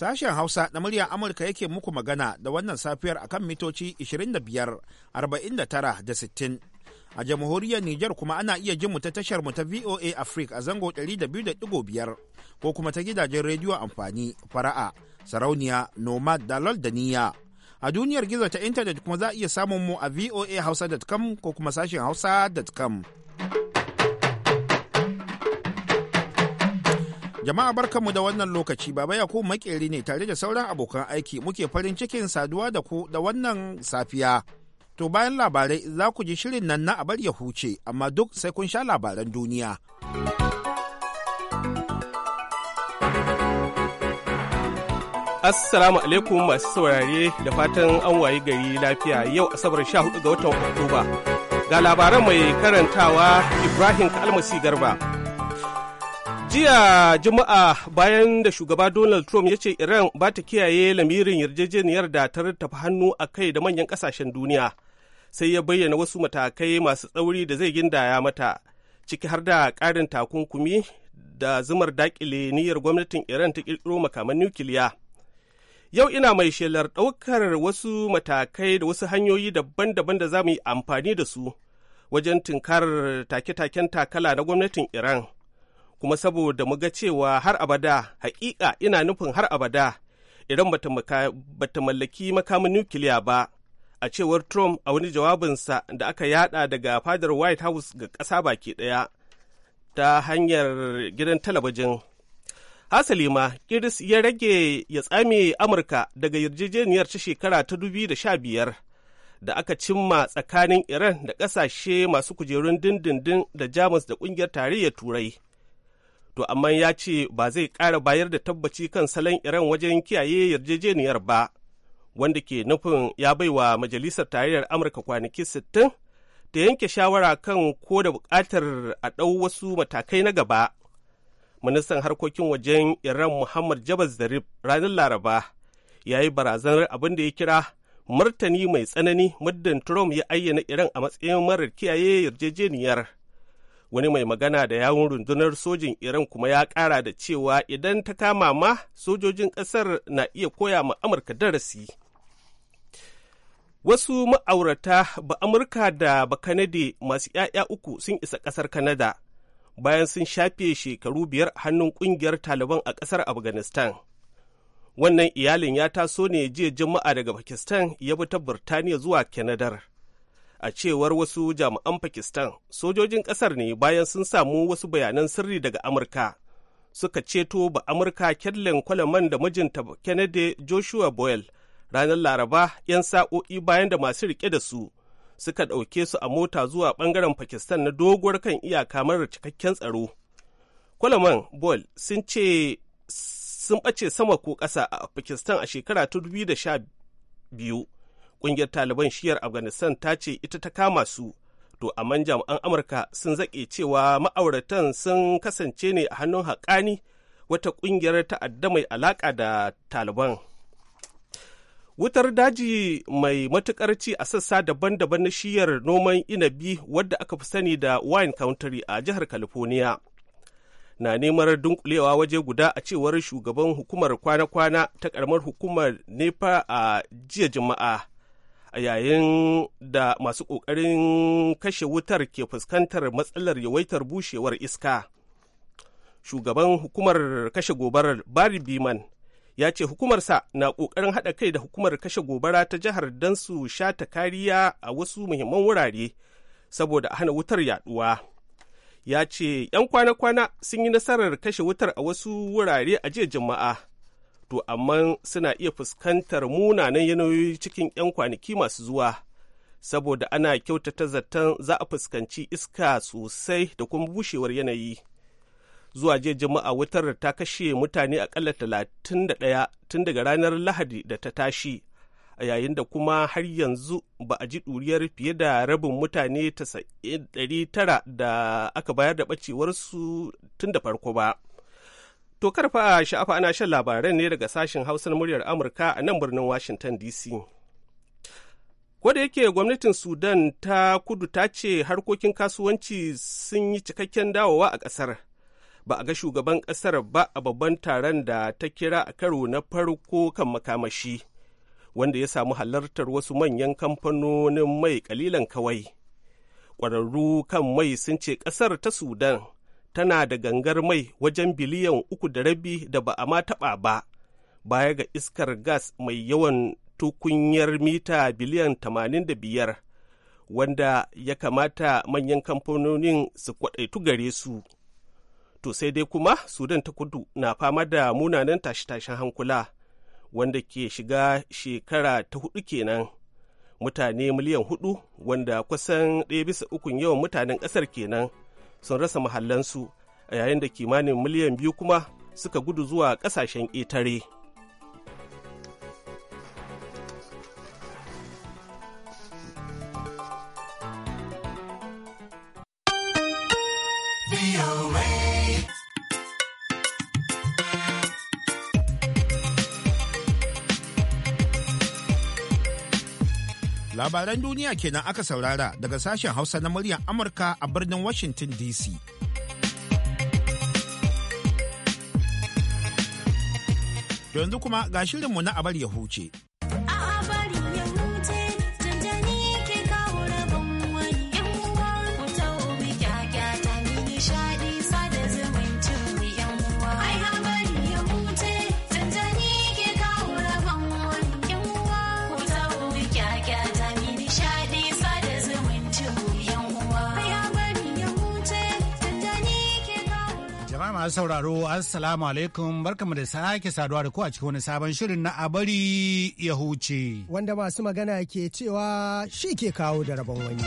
Sashen Hausa na muryar Amurka yake muku magana da wannan safiyar a kan mitoci 25, da 60. A jamhuriyar Nijar kuma ana iya jin mu ta tashar mu ta VOA Africa a zango 200.5 ko kuma ta gidajen rediyo amfani fara'a, sarauniya, nomad da da niyya. A duniyar gizo ta intanet kuma za a iya samun mu a voahausa.com ko kuma sashen hausa.com. Jama'a barkanmu da wannan lokaci Baba Yakubu makeri ne tare da sauran abokan aiki muke farin cikin saduwa da ku da wannan safiya. To bayan labarai za ku ji shirin nan na abar ya huce amma duk sai kun sha labaran duniya. Assalamu alaikum masu saurare da fatan an wayi gari lafiya yau asabar 14 ga watan Oktoba. Ga labaran mai karantawa Ibrahim Kalmasi Garba. Jiya Juma'a bayan da shugaba Donald Trump ya ce Iran ba ta kiyaye lamirin yarjejeniyar da ta rattafa hannu a kai da manyan ƙasashen duniya, sai ya bayyana wasu matakai masu tsauri da zai gindaya mata, ciki har da ƙarin takunkumi da zumar dakile niyyar gwamnatin Iran ta ƙirƙiro makaman nukiliya. Yau ina mai shelar ɗaukar wasu matakai da wasu hanyoyi daban-daban da za mu yi amfani da su wajen tinkarar take-taken takala na gwamnatin Iran. kuma saboda mu ga cewa har abada haƙiƙa ina nufin har abada idan bata mallaki makamin nukiliya ba a cewar trump a wani jawabinsa da aka yada daga fadar white house ga ƙasa baki ɗaya ta hanyar gidan talabijin hasali ma kiris ya rage ya tsame amurka daga yarjejeniyar ta shekara ta 2015 da aka cimma tsakanin iran da ƙasashe masu kujerun dindindin da jamus da ƙungiyar tarayyar turai to amma ya ce ba zai ƙara bayar da tabbaci kan salon Iran wajen kiyaye yarjejeniyar ba, wanda ke nufin ya baiwa Majalisar Tarayyar Amurka kwanaki sittin ta yanke shawara kan ko da buƙatar a ɗau wasu matakai na gaba. Ministan harkokin wajen Iran Muhammad jabaz Zarif ranar Laraba ya yi barazanar abin da ya kira martani mai tsanani muddin Trump ya ayyana Iran a matsayin marar kiyaye yarjejeniyar. wani mai magana da yawun rundunar sojin iran kuma ya kara da cewa idan ta kama ma sojojin kasar na iya koya ma amurka darasi wasu ma'aurata ba amurka da ba kanade masu 'ya'ya uku sun isa kasar kanada bayan sun shafe shekaru biyar hannun kungiyar taliban a kasar afghanistan wannan iyalin ya taso ne jiya juma'a daga pakistan ya bi ta burtaniya zuwa kanadar a cewar wasu jami'an pakistan sojojin ƙasar ne bayan sun samu wasu bayanan sirri daga amurka suka ceto ba amurka kellen kwalaman da mijinta kennedy joshua boyle ranar laraba 'yan sa'o'i bayan da masu rike da su suka ɗauke su a mota zuwa ɓangaren pakistan na doguwar kan iyaka marar cikakken tsaro kwalaman boyle sun ce sun ɓace sama ko ƙasa a pakistan a shekara 2012 Ƙungiyar Taliban shiyar Afghanistan ta ce ita ta kama su, to amma jami'an Amurka sun zaƙe cewa ma'auratan sun kasance ne a hannun haƙani wata ƙungiyar ta'adda mai alaƙa da Taliban. Wutar daji mai matuƙar ci a sassa daban-daban na shiyar noman inabi wadda aka fi sani da wine country a jihar California. na neman dunkulewa waje guda a cewar shugaban hukumar kwana-kwana ta ƙaramar hukumar nepa a jiya juma'a a yayin da masu ƙoƙarin kashe wutar ke fuskantar matsalar yawaitar bushewar iska shugaban hukumar kashe gobarar barry biman ya ce hukumarsa na ƙoƙarin haɗa kai da hukumar kashe gobara ta jihar don su ta kariya a wasu muhimman wurare saboda hana wutar yaduwa ya ce 'yan kwana-kwana sun yi nasarar kashe wutar a wasu wurare a jiya jama'a to amma suna iya fuskantar munanan yanayoyi cikin 'yan kwanaki masu zuwa saboda ana kyautata zaton za a fuskanci iska sosai da kuma bushewar yanayi zuwa jiya jama'a wutar ta kashe mutane akalla talatin da ɗaya tun daga ranar lahadi da ta tashi a yayin da kuma har yanzu ba a ji ɗuriyar fiye da rabin mutane tara da aka bayar da ɓacewarsu tun da farko ba To karfa sha'afa ana shan labaran ne daga sashen na muryar Amurka a nan birnin Washington DC. Kwada yake gwamnatin Sudan ta kudu ta ce harkokin kasuwanci sun yi cikakken dawowa a ƙasar. Ba a ga shugaban ƙasar ba a babban taron da ta kira a karo na farko kan makamashi, wanda ya samu halartar wasu manyan kamfanonin mai kalilan kawai. Ƙwararru kan mai sun ce ƙasar ta Sudan. tana da gangar mai wajen biliyan uku da rabi da ba a ma taɓa ba baya ga iskar gas mai yawan tukunyar mita biliyan tamanin da biyar, wanda ya kamata manyan kamfanonin su kwaɗaitu gare su to sai dai kuma sudan ta kudu na fama da munanan tashe-tashen hankula wanda ke shiga shekara ta hudu kenan mutane miliyan hudu wanda kusan ɗaya bisa ukun yawan mutanen ƙasar kenan sun rasa mahallansu a yayin da kimanin miliyan biyu kuma suka gudu zuwa ƙasashen ƙetare. Labaran duniya kenan aka saurara daga sashen Hausa na muryar Amurka a birnin Washington DC. Yanzu kuma ga shirinmu na abar ya huce. masu sauraro assalamu alaikum barkamu da sake saduwa da ku a cikin wani sabon shirin na abari ya huce. Wanda masu magana ke cewa shi ke kawo da rabon wani.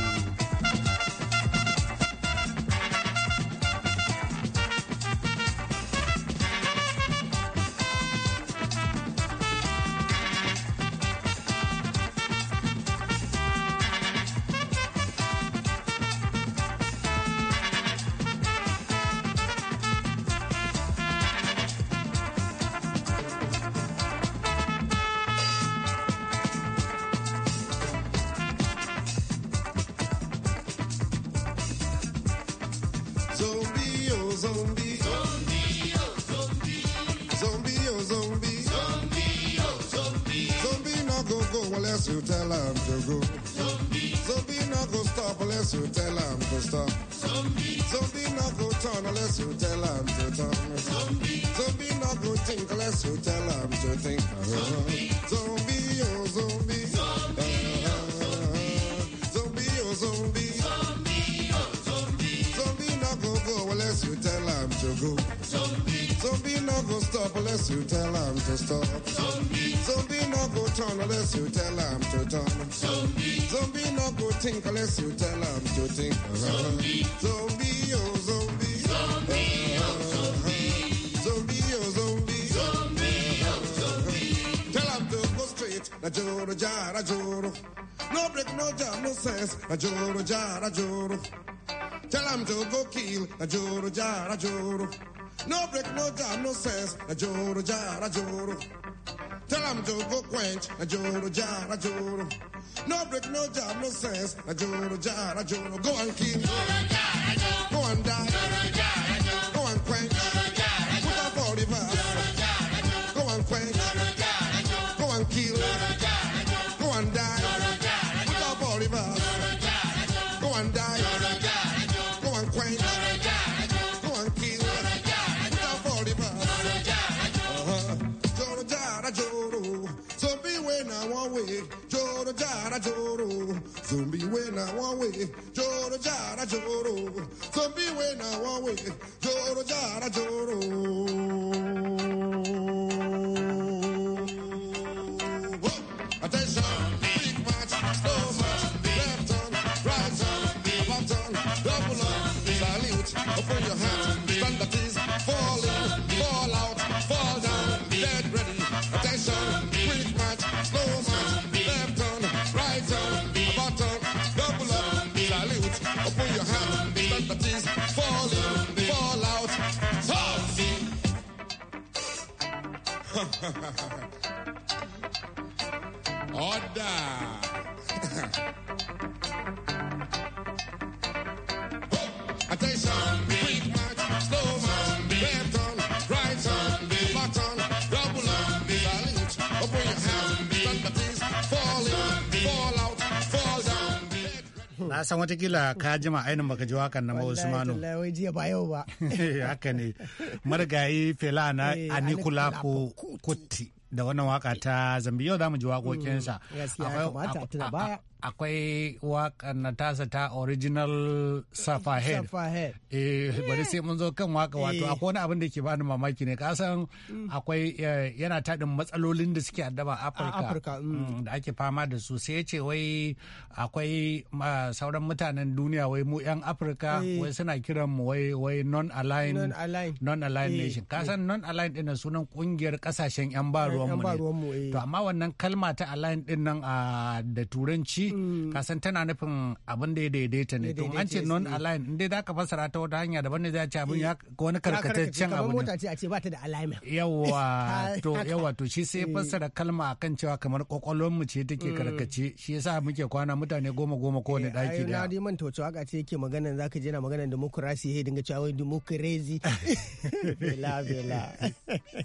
unless you tell him to go. Zombie, zombie oh, not go stop unless you tell to stop. Zombie, zombie not go turn unless you tell to turn. Zombie, zombie not go think unless you tell to think. Zombie, zombie oh zombie. go. Zombie, zombie no go stop unless you tell him to stop. Zombie, zombie no go turn unless you tell him to turn. Zombie, zombie no go think unless you tell him to think. Zombie, zombie oh zombie, zombie oh zombie, zombie oh zombie, zombie oh zombie. Tell him to go straight, na joro jara joro. No break, no jam, no sense, na joro jara joro. Tell him to go kill a Joro Jara Joro. No break, no jam, no sense, a Joro Jara Joro. Tell him to go quench a Joro Jara Joro. No break, no jam, no sense, a Joro Jara Joro. Go and kill. Joro Jara Joro. Go and die. Joro Jara Joro. Go and quench. Joro man, one week. san watakila ka jima ainihin baka ji wakan na mawusu manu wallahi jiya ba yau ba eh, haka ne marigayi fela na eh, anikulapo kuti da wannan waka ta zambi yau za mu ji waƙoƙinsa mm, akwai akwai wakan na tasa ta original safahead eh bari sai mun zo kan waka wato eh. akwai wani abin da ke bani mamaki ne kasan mm. akwai eh, yana tadin matsalolin da suke addaba afirka mm. Mm, da ake fama da su sai ce wai akwai sauran mutanen duniya wai mu yan afirka eh. wai suna kiran mu wai wai non aligned non aligned nation kasan non aligned din sunan kungiyar kasashen yan ba ruwan mu ne to amma wannan kalma ta aligned din nan ah, da turanci Mm. kasan tana nufin abin da ya daidaita ne to an ce non mm. aligned inda za ka fassara ta wata hanya daban ne za a ce abin ya eh. wani karkataccen abu ne ce a ce ba ta da alignment yawa to yawa to shi sai eh. fassara kalma akan cewa kamar kokolon mu ce take mm. karkace shi yasa muke kwana mutane goma goma kowane eh, daki da na man tauce ka ce yake magana za ka je na magana democracy ya dinga cewa wai democracy bela bela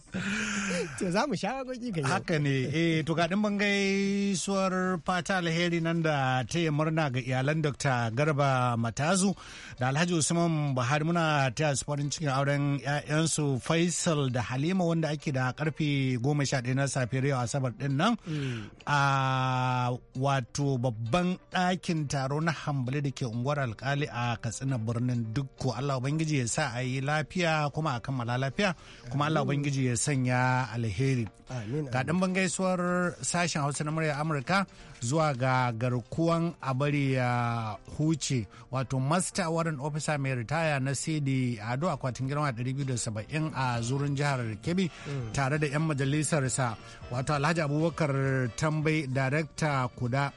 to za mu sha gogi ga haka ne eh to ga din bangai suwar fata alheri nan ta yi murna ga iyalan Dr. Garba Matazu da Alhaji Usman Buhari muna taya su farin cikin auren 'ya'yansu Faisal da Halima wanda ake da karfe 11 na safiyar yau Asabar din nan mm. a wato babban ɗakin taro na hambali da ke unguwar alkali a Katsina birnin Dukko. Allah Ubangiji ya sa a yi lafiya kuma a kammala lafiya kuma Allah Ubangiji ya sanya alheri. Ga ɗan bangaisuwar sashen Hausa na murya Amurka zuwa ga garkuwan a ya huce wato master warren officer mai ritaya na cd ado a kwatin girma 270 a zurin jihar kebbi hmm. tare da 'yan majalisarsa wato alhaji abubakar tambayi darakta kuda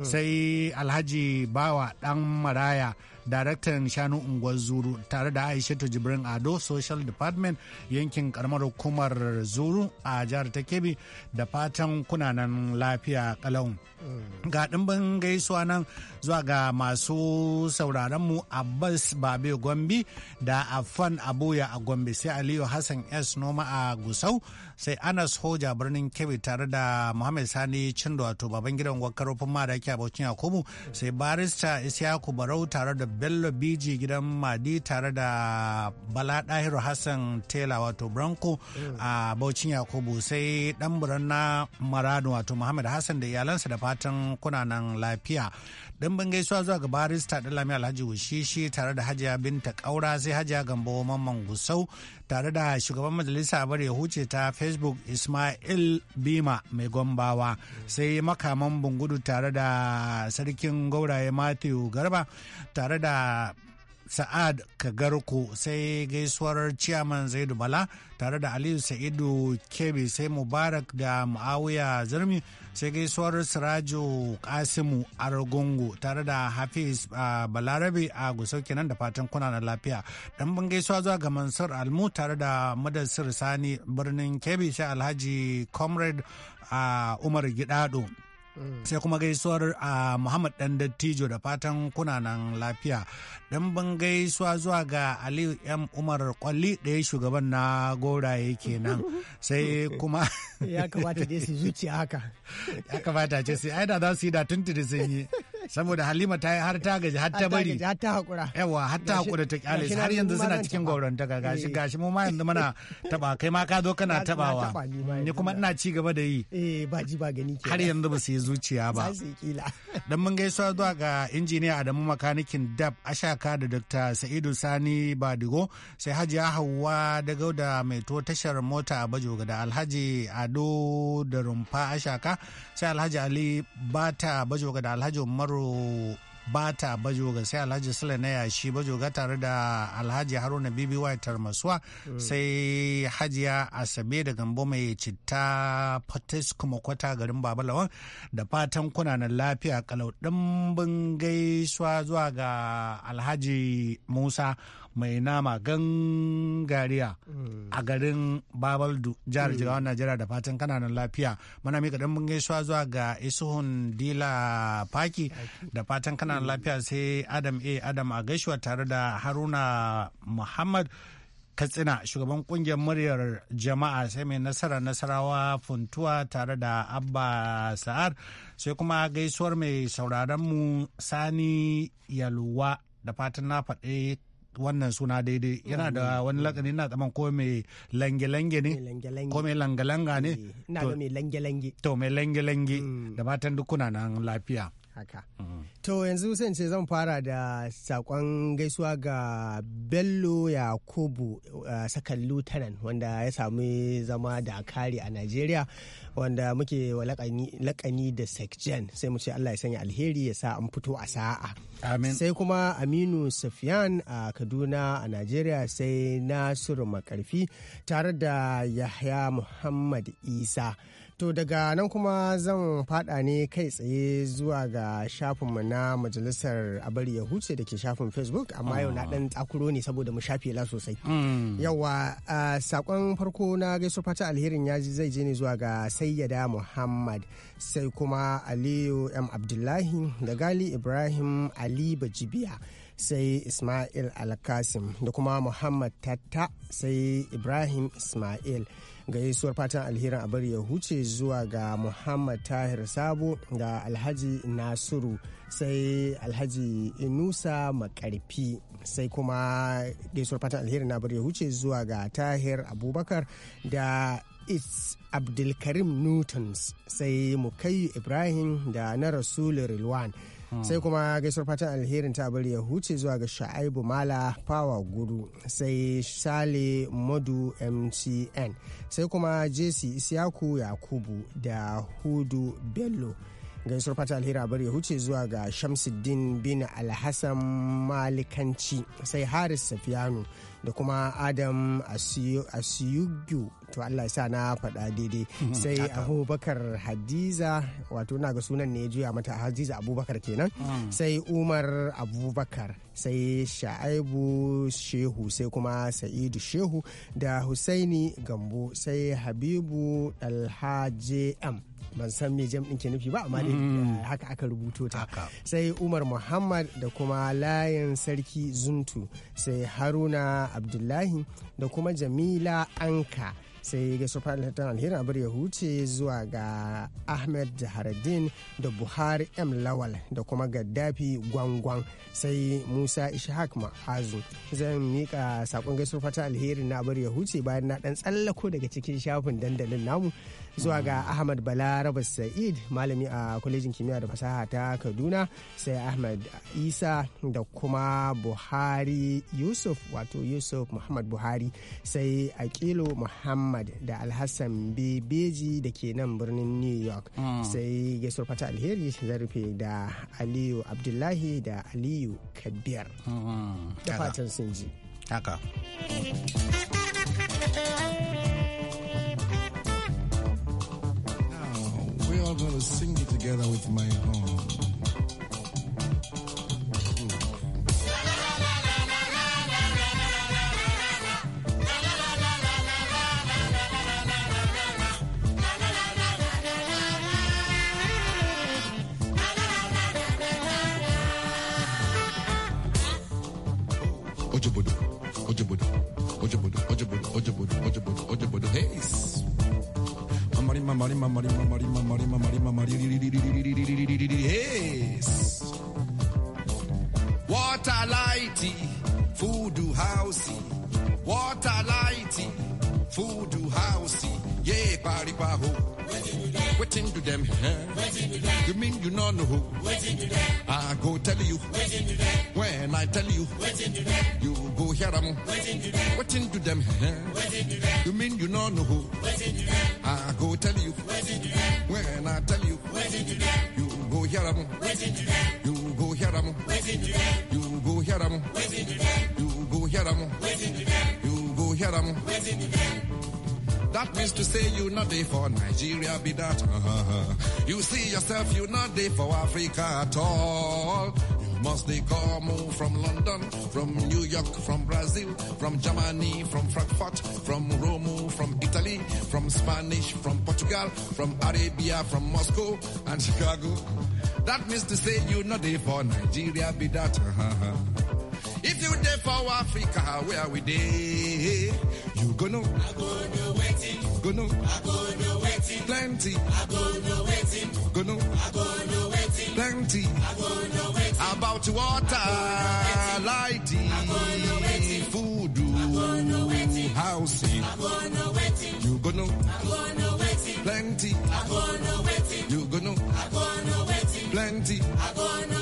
sai alhaji bawa dan maraya daraktan shanu unguwar zuru tare da aishatu jibrin ado social department yankin karamar hukumar zuru a jihar ta kebi da fatan kunanan lafiya kalau ga dimbin gaisuwa nan zuwa ga masu sauraronmu abbas babe gombe da afan abuya a gombe sai aliyu hassan s noma a gusau sai anas hoja birnin kebi tare da muhammad sani cindo wato baban gidan wakarofin mara a Abocin Yakubu sai barista Isiyaku Barau tare da Bello Biji gidan Madi tare da Bala Dahiru Hassan Tela wato Branko a Baucin Yakubu sai dan buran na Maradu wato Muhammad Hassan da iyalansa da fatan kuna nan lafiya. ban gaisuwa zuwa ga barista lami Alhaji Wushishi tare da Hajiya Binta Kaura sai Hajiya Gambo Mamman Gusau tare da shugaban majalisa bar ya huce ta Facebook Ismail Bima mai gombawa sai makaman bungudu tare da sarkin gauraye Matthew Garba tare da sa'ad kagarku sai gaisuwar ciyaman zaidu bala tare da aliyu sa'idu kebe sai mubarak da muawiya zirmi sai gaisuwar sirajo kasimu argungu tare da hafiz balarabe a gusauki nan da fatan kuna na lafiya dan ban gaisuwa zuwa ga mansur almu tare da madasir sani birnin kebe sai alhaji comrade a umar gidado mm. sai kuma gaisuwar uh, muhammad dan dattijo da fatan kuna nan lafiya dan bangai suwa zuwa ga aliyu yan umar kwalli ɗaya shugaban na goraye kenan sai kuma ya kamata dai su zuciya haka ya kamata ce sai aida za su yi da tuntuni sun yi saboda halima ta har ta gaji har ta bari har ta hakura yawa har ta hakura ta kyale har yanzu suna cikin gauranta ga gashi eh. gashi mu ma yanzu mana taba kai ma ka zo kana tabawa ni kuma ina ci gaba da yi eh ba ji ba gani har yanzu ba su yi zuciya ba dan mun gaisuwa zuwa ga injiniya Adamu makanikin dab ashaka Amurka da Dr. Sa'idu Sani Badigo sai ya Hauwa da Gauda mai to tashar mota a Bajoga da Alhaji Ado da Rumfa Ashaka sai Alhaji Ali Bata Bajoga da Alhaji Umaru bata bajoga sai alhaji sule na yashi bajoga tare da alhaji haruna bby tarmasuwa sai hajiya asabe da gambo mai citta fatis kuma kwata garin babalawan da fatan kunanan lafiya kalau dimbin gaisuwa zuwa ga alhaji musa mai nama gangariya a garin babaldu jihar mm. jigawan najeriya da fatan kananan lafiya muna mika dan mun gaisuwa zuwa ga isuhun dila faki da fatan kananan lafiya sai adam a adam a gaisuwa tare da haruna muhammad katsina shugaban kungiyar muryar jama'a sai mai nasara nasarawa funtuwa tare da abba sa'ar sai kuma gaisuwar mai sauraronmu sani yalwa da fatan na faɗe wannan suna daidai yana da mm. wani lakani na tsaman ko mai lange-lange ne ko mai langa-langa ne eh, to mai lange-lange mm. da matan dukuna na lafiya haka mm-hmm. to yanzu sai ce zan fara da sakon gaisuwa ga bello yakubu eh, sakan lutanan wanda ya sami zama da kari a najeriya wanda muke lakani da sekjen sai mu ce allah ya sanya alheri ya sa an fito a sa'a sai kuma aminu sufyan a kaduna a najeriya sai nasiru makarfi tare da yahya muhammad isa To daga nan kuma zan fada ne kai tsaye zuwa ga shafinmu na majalisar abari ya huce da ke shafin Facebook amma yau na dan takuro ne saboda mu shafe la sosai. Hmm. Yawa sakon farko na gaisu fata alherin ya zai je ne zuwa ga Sayyada Muhammad sai kuma Aliyu M Abdullahi da Gali Ibrahim Ali Bajibiya. sai Ismail Alkasim da kuma Muhammad Tatta sai Ibrahim Ismail. gaisuwar fatan alherin a bari ya huce zuwa ga muhammad tahir sabo da alhaji nasiru sai alhaji inusa makarfi sai kuma gaisuwar fatan alherin na bari ya huce zuwa ga tahir abubakar da is abdulkarim newtons sai mukayu ibrahim da na rasulun rilwan sai kuma gaisuwar fatan alherin ta bari ya huce zuwa ga sha'aibu mala fawa guru sai sale modu mcn sai kuma jesse isiyaku yakubu da hudu bello gaisuwar fata alheri bari ya huce zuwa ga shamsuddin bin alhassan malikanci sai haris safiyanu da kuma adam asiyugyu to allah sa na faɗa daidai hmm, sai abubakar hadiza wato na ga sunan ne juya mata hadiza abubakar kenan hmm. sai umar abubakar sai sha'aibu shehu sai kuma sa'idu shehu da husaini gambo sai habibu alhaji am ban san me jam'in ke nufi ba amma dai mm. eh, haka aka rubuto ta sai umar muhammad da kuma layin sarki zuntu sai haruna abdullahi da kuma jamila anka sai ga fatan alheri abar ya huce zuwa ga ahmed jahardin da buhari m lawal da kuma gaddafi gwangwan sai musa ishaq ma'azu zan mika sakon gaisuwar fatan alheri na abar ya huce bayan na dan tsallako daga cikin shafin dandalin namu zuwa ga ahmad balaraba sa'id malami a kwalejin kimiyya da fasaha ta kaduna sai ahmad isa da kuma buhari yusuf wato yusuf muhammad buhari sai akilo muhammad muhammad da alhassan bebeji da ke nan birnin new york hmm. sai fata alheri rufe da aliyu abdullahi da aliyu hmm. da fatan sun ji haka we're all going to sing it together with my own. hey. Water lighty, food housey. Water lighty, food housey. Yeah, paripaho. Waiting to them. You mean you don't know who? I go tell you. When I tell you, you go hear them. Waiting to them. You mean you don't know who? I go tell you. When I tell you, you go hear them. You go hear them. You go hear them. You go hear them. You go hear them. That means to say you not there for Nigeria, be that. Uh-huh. You see yourself, you not there for Africa at all. You must they come from London, from New York, from Brazil, from Germany, from Frankfurt, from Rome, from Italy, from Spanish, from Portugal, from Arabia, from Moscow and Chicago. That means to say you not there for Nigeria, be that. Uh-huh. If you there for Africa, where we there? You gonna? I go no waiting. Gonna? I go no waiting. Plenty. I go no waiting. Gonna? I go no waiting. Plenty. I go no waiting. About water, lighting, food, housing. I go no waiting. You gonna? I go no waiting. Plenty. I go no waiting. You gonna? I go no waiting. Plenty. I go no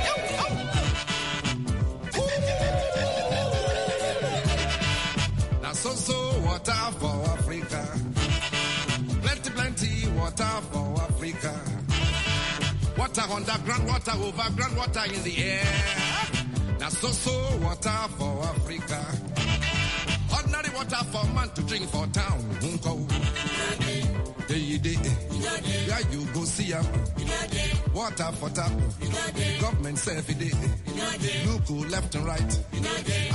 water for Africa. Water underground, water overground, water in the air. That's so so water for Africa. Ordinary water for man to drink for town. Day, day, yeah, you go see him. Water for tap. Government safety. it day. Look who left and right.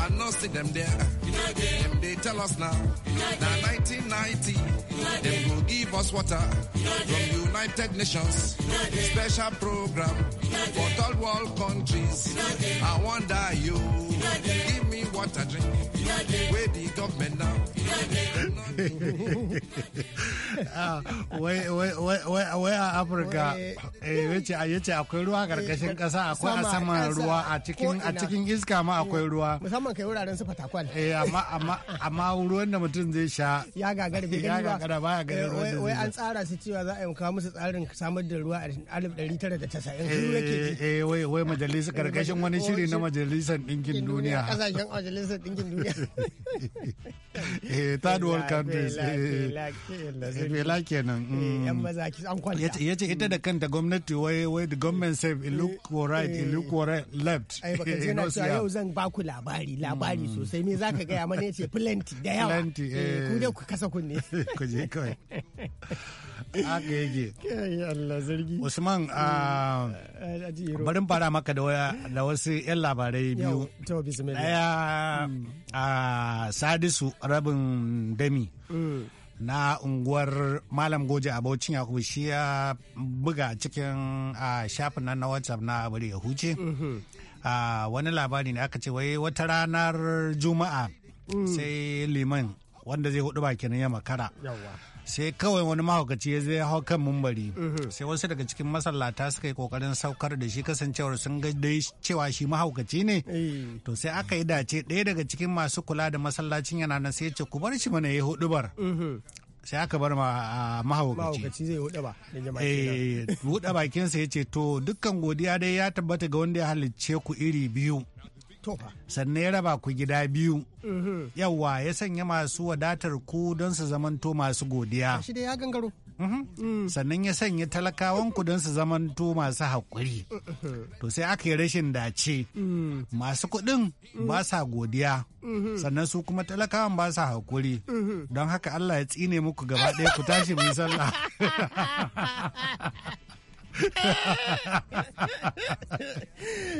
I know see them there. Them they tell us now. Now 1990. Them go give us water from United Nations. Special program for third world countries. I wonder you give me water drink. Where the government now? Ah, wai a afirka eh, ya ce akwai ruwa karkashin kasa eh, akwai a saman ruwa a cikin iska ma akwai eh, ruwa musamman kai wuraren su fatakwal amma ruwan da mutum zai sha ya gagara bai gani ba baya ganin ruwan da wai an tsara su cewa za a yi kawo musu tsarin samar da ruwa a 1990 wai wai majalisar karkashin wani shiri na majalisar dinkin duniya kasashen majalisar dinkin duniya eh third world countries la kenan eh, mm. yan maza ki an kwanta yace ita da kanta gwamnati wai wai the government say it look eh, right it eh. look right left ai baka ce na cewa yau zan ba ku labari labari mm. sosai me zaka ga mana yace plenty da yawa plenty ku da ku kasa kunne ku je kai haka yake Allah zargi Usman ah, bari fara maka da wasu 'yan labarai biyu daya mm. a ah, sadisu rabin dami na unguwar malam goje a baucin yakubu shi ya buga cikin shafin nan na whatsapp na bari ya huce mhm. wani labari ne aka ce wai wata ranar juma'a mm. sai liman wanda zai hudu bakin ya makara sai kawai wani mahaukaci ya zai hau kan mumbari sai wasu daga cikin masallata suka yi kokarin saukar da shi kasancewar sun ga dai cewa shi mahaukaci ne eh. to sai aka yi dace ɗaya daga cikin masu kula da masallacin yana nan sai ya ce ku bar shi mana ya hudubar sai aka bar mahaukaci zai huɗa ba eh huɗa bakinsa ya ce to dukkan godiya dai ya tabbata ga wanda ya halicce ku iri biyu sannan ya raba ku gida biyu yawwa ya sanya masu wadatar ku don su zamanto masu godiya ya mm. sannan ya sanya talakawan ku don su zamanto masu haƙuri to sai aka yi rashin dace mm. masu kuɗin mm. ba sa godiya sannan su kuma talakawan ba sa haƙuri don haka Allah ya tsine muku gaba ɗaya ku tashi mu sallah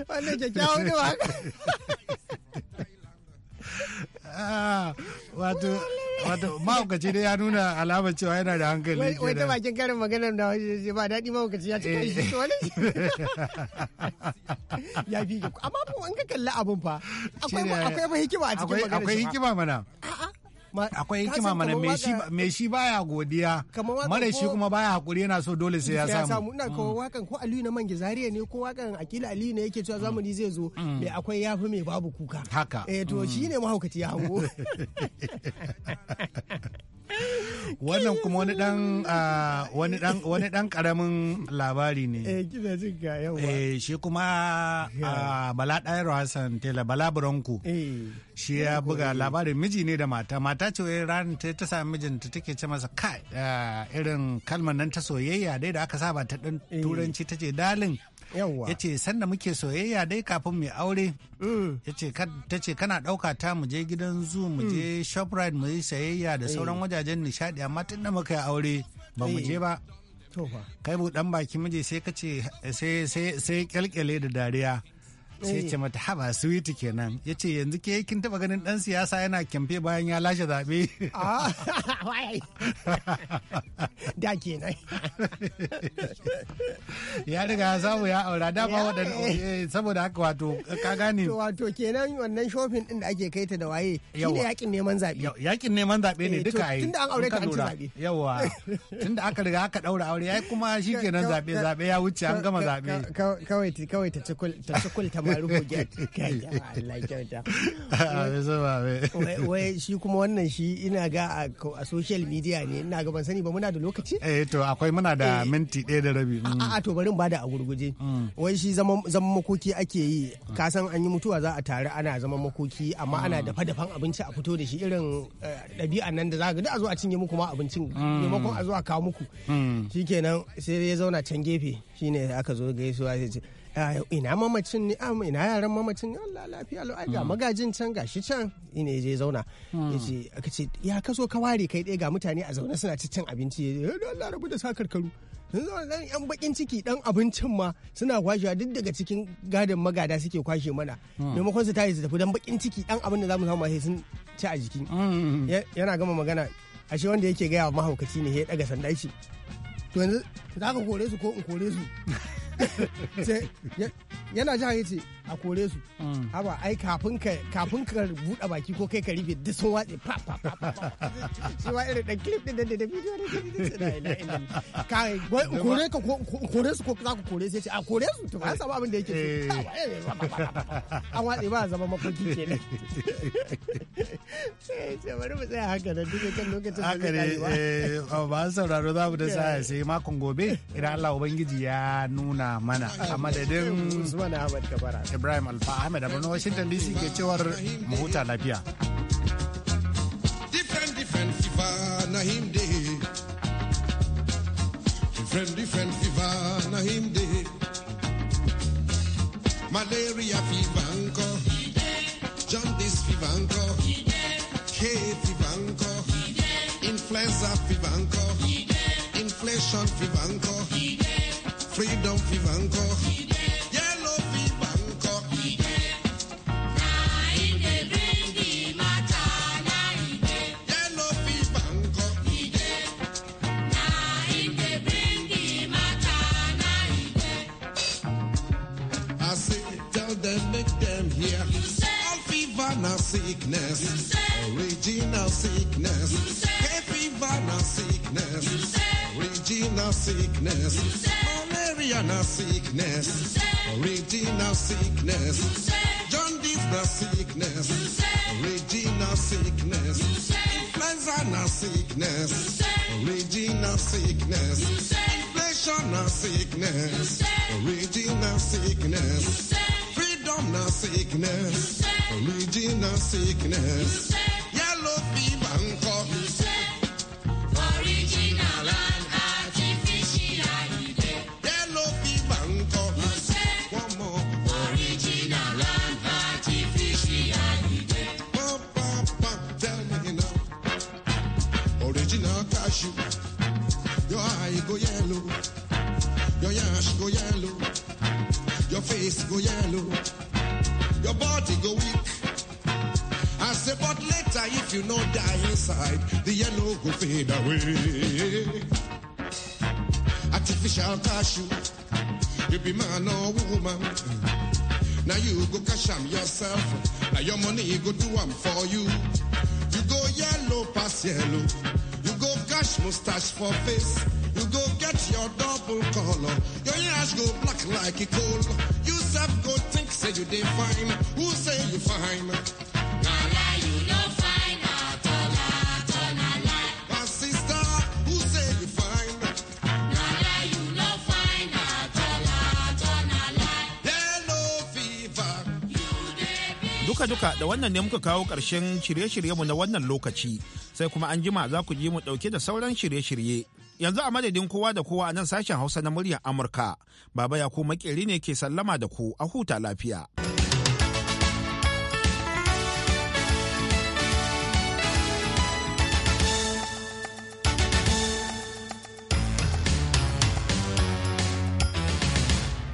Wannan kyakkyawan ne ba. wato wato ya nuna alamar cewa yana da hankali wai bakin karin maganar da wajen ba daɗi ya cika shi wani ya fi amma in ka kalli abin fa akwai hikima a cikin maganar akwai a'a akwai hikima mana mai shi baya godiya mara shi kuma baya hakuri yana so dole sai ya samu ina kawo mm. wakan ko aliyu na mange zariya ne ko wakan akila aliyu ne yake cewa mm. zamani zai zo mai mm. akwai yafi mai babu kuka haka eh to ne mahaukaci ya hango wannan kuma wani dan ah, wani dan wani dan karamin labari ne eh kina jin ga yawa eh shi kuma ah, Bala Dairo hasan Tela Bala eh. shi ya buga labarin miji ne da mata mata ce wai ran ta ta sami mijinta take ce masa kai ah, irin kalmar nan ta soyayya dai da aka saba ta dan eh. turanci tace dalin ya ce sanda muke soyayya dai kafin mai aure mm. ta ce kana ɗauka ta mu je gidan zu mu mm. je shoprite mu yi sayayya da eh. sauran wajajen nishadi amma tun da muka yi aure ba mu eh. je ba kai buɗan baki miji sai ka ce sai kyalkyale da dariya sai eh. ce mata haba suwiti kenan ya ce yanzu ke kin taba ganin dan siyasa yana kyamfe bayan ya lashe zaɓe ah. da kenan ya riga ya samu ya aura dama waɗanda eh, saboda haka wato ka gane wato kenan wannan shofin din da ake kai ta da waye shine yakin neman zaɓe yakin neman zaɓe ne eh, duka ai tunda an aure ka an ci zaɓe yawa tunda aka riga aka ɗaura aure ai kuma shikenan zaɓe zaɓe ya wuce an gama zaɓe kawai kawai ta cikul ta cikul ta bari ku get Allah ah, ah, wai shi kuma wannan shi ina ga a social media ne ina ga ban sani ba muna da lokaci eh to akwai muna da eh. minti ɗaya da rabi mm. a to bari ba a gurguje mm. wai shi zaman makoki ake yi ka san an yi mutuwa za a tare ana zaman makoki amma ana mm. dafa dafan abinci a fito da shi irin eh, ɗabi'an nan da za ga duk a zo a cinye muku ma abincin maimakon a zo a kawo muku shikenan sai ya zauna can gefe shine aka zo gaisuwa sai ce ina mamacin ne ina yaran mamacin Allah lafiya lo ai ga mm. magajin can ga shi can ina je zauna mm. yace aka ce ya kaso ka ware kai dai ga mutane a zaune suna ci cin abinci eh, Allah rabu da sakar karkaru sun zo dan yan bakin ciki dan abincin ma suna kwashewa duk daga cikin gadon magada suke kwashe mana mm. maimakon su tashi su tafi dan bakin ciki dan abin da zamu samu sai sun ci a jiki yana gama magana ashe wanda yake gaya wa mahaukaci ne ya daga sandaici? to yanzu za ka kore su ko in kore su yana jihar ya ce a kore su mm. haba ai kafin kafin ka buɗe baki ko kai ka rufe duk sun watse pa pa pa shi ma irin dan clip din da da bidiyo ne da da kai kore ka kore su ko za ku kore sai ce a kore su to ba samu abin da yake an watse ba zama ke ne sai ce bari mu tsaya haka da duk kan lokacin ba eh, oh, sauraro za mu da sai makon gobe idan Allah ubangiji ya nuna aika mana ah, a madadin Ibrahim Alfa Ahmed a birnin Washington DC ke cewar mu lafiya. Different different fifa na him dey. Different different fifa na him Malaria fever John, this fever nko. Hay fever nko. Influenza fever nko. Inflation fever freedom fi Bangkok. Yellow fi Bangkok. Yellow fi Bangkok. I say, tell them, make them hear. All fever na sickness. Original sickness. Hey, fever sickness. Original sickness in a sickness. Original sickness. John Jaundice the sickness. Original sickness. Influenza na sickness. Original sickness. Inflation na sickness. Original sickness. Freedom na sickness. Original sickness. no die inside, the yellow will fade away. Artificial parachute, you be man or woman. Now you go cash am yourself, now your money you go do am for you. You go yellow pass yellow, you go cash mustache for face. You go get your double color. Your ears go black like a coal. You self go think say you define. Who say you fine? duka-duka da wannan ne muka kawo ƙarshen shirye-shiryenmu na wannan lokaci sai kuma an jima za ku ji mu ɗauke da sauran shirye-shirye yanzu a madadin kowa da kowa a nan sashen hausa na muryar amurka baba ya ku makeri ne ke sallama da ku a huta lafiya.